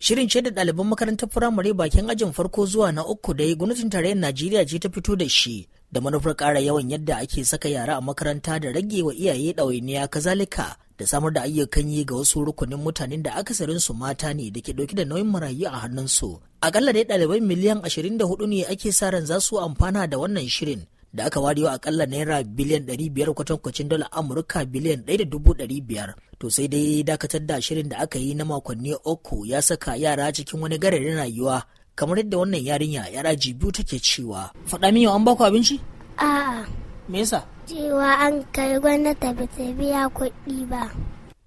Shirin ce da ɗaliban makarantar firamare bakin ajin farko zuwa na uku da ya gwamnatin tarayyar Najeriya ce ta fito da shi da manufar ƙara yawan yadda ake saka yara a makaranta da rage wa iyaye ɗawainiya kazalika da samar da ayyukan yi ga wasu rukunin mutanen da akasarin su mata ne da ke ɗauke da nauyin marayu a hannunsu. Akalla dai ɗalibai miliyan hudu ne ake sa ran za su amfana da wannan shirin da aka warewa akalla naira biliyan 500 kwatankwacin dala amurka biliyan 1.500 to sai dai dakatar da shirin da aka yi na makonni uku ya saka yara cikin wani gararin rayuwa kamar yadda wannan yarinya yara jibiyu take cewa faɗa min yau an baku abinci a'a me yasa cewa an kai gwamnati ba ta biya kuɗi ba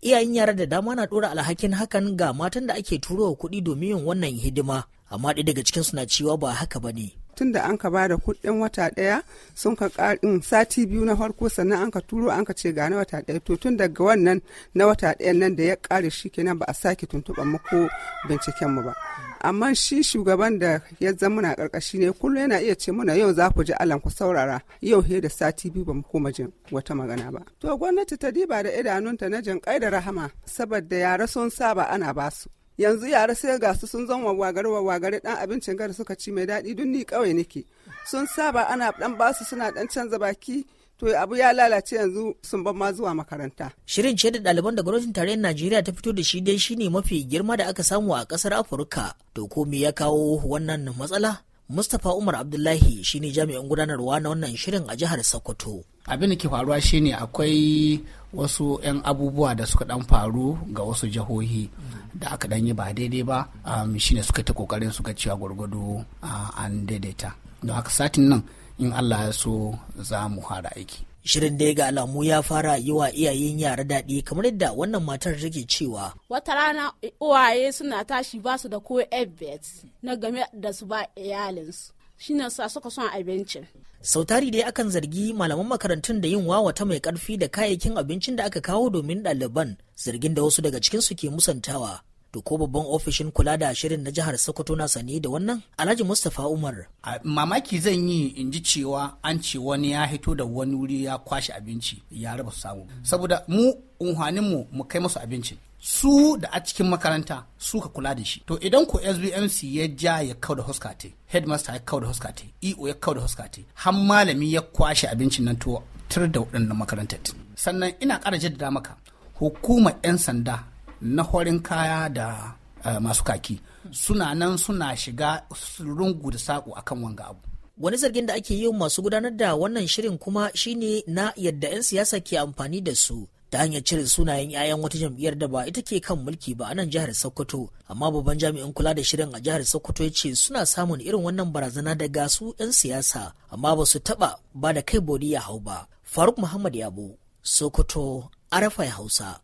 iyayen yara da dama na ɗora alhakin hakan ga matan da ake turowa kuɗi domin yin wannan hidima amma ɗaya daga cikinsu na cewa ba haka ba ne tun da an ka ba da kuɗin wata ɗaya sun ka ƙarin sati biyu na farko sannan an ka turo an ka ce ga na wata ɗaya to tun daga wannan na wata ɗayan nan da ya ƙare shi kenan ba a sake tuntuɓa mu ko binciken mu ba amma shi shugaban da ya zama muna ƙarƙashi ne kullum yana iya ce muna yau za ku ji alan ku saurara yau he da sati biyu ba mu koma jin wata magana ba to gwamnati ta diba da idanunta na jin kai da rahama saboda yara sun saba ana basu yanzu yara sai gasu sun zama wagare wagare dan abincin gari suka ci mai daɗi dun ni kawai nake sun saba ana dan basu suna dan canza baki to abu ya lalace yanzu sun ban ma zuwa makaranta. Shirin ce da ɗaliban da gwamnatin tarayyar Najeriya ta fito da shi dai shine mafi girma da aka samu a kasar Afirka. To komi ya kawo wannan matsala? Mustapha Umar Abdullahi shine jami'in gudanarwa na wannan shirin a jihar Sokoto. Abin da ke faruwa shine akwai wasu 'yan abubuwa da suka dan faru ga wasu jihohi da aka dan yi ba daidai ba um, shine suka ta kokarin suka cewa gwargwado uh, an daidaita. Don haka satin nan in Allah ya so za mu fara aiki. Shirin da ya ga alamu ya fara yi wa iyayen yara daɗi kamar yadda wannan matar take cewa. Wata rana uwaye suna tashi ba su da ko bet na game da su ba iyalinsu. Shi ne sa suka son abincin. Sautari dai akan zargi malaman makarantun da yin wawata mai karfi da kayayyakin abincin da aka kawo domin ɗaliban zargin da wasu daga cikinsu ke musantawa. to ko babban ofishin kula da shirin na jihar sokoto na sani da wannan alhaji mustapha umar mamaki zan yi in ji cewa an ce wani ya hito da wani wuri ya kwashe abinci ya raba samu saboda mu unhwaninmu mu kai masu abincin su da a cikin makaranta su ka kula da shi to idan ko sbmc ya ja ya kau da huskate headmaster ya kau da huskate eo ya kau da huskate har malami ya kwashe abincin nan to tur da waɗannan makarantar sannan ina ƙara jaddada maka hukumar 'yan sanda na horin kaya da eh, masu kaki suna nan suna shiga rungu da saƙo akan wanga abu wani zargin da ake yi masu gudanar da wannan shirin kuma shine na yadda 'yan siyasa ke amfani da su ta hanyar cire sunayen 'ya'yan wata jam'iyyar da ba ita ke kan mulki ba a nan jihar Sokoto amma babban jami'in kula da shirin a jihar Sokoto ya ce suna samun irin wannan barazana daga su 'yan siyasa amma ba su taba ba da kai bodi ya hau ba Faruk Muhammad Yabo Sokoto Arafa Hausa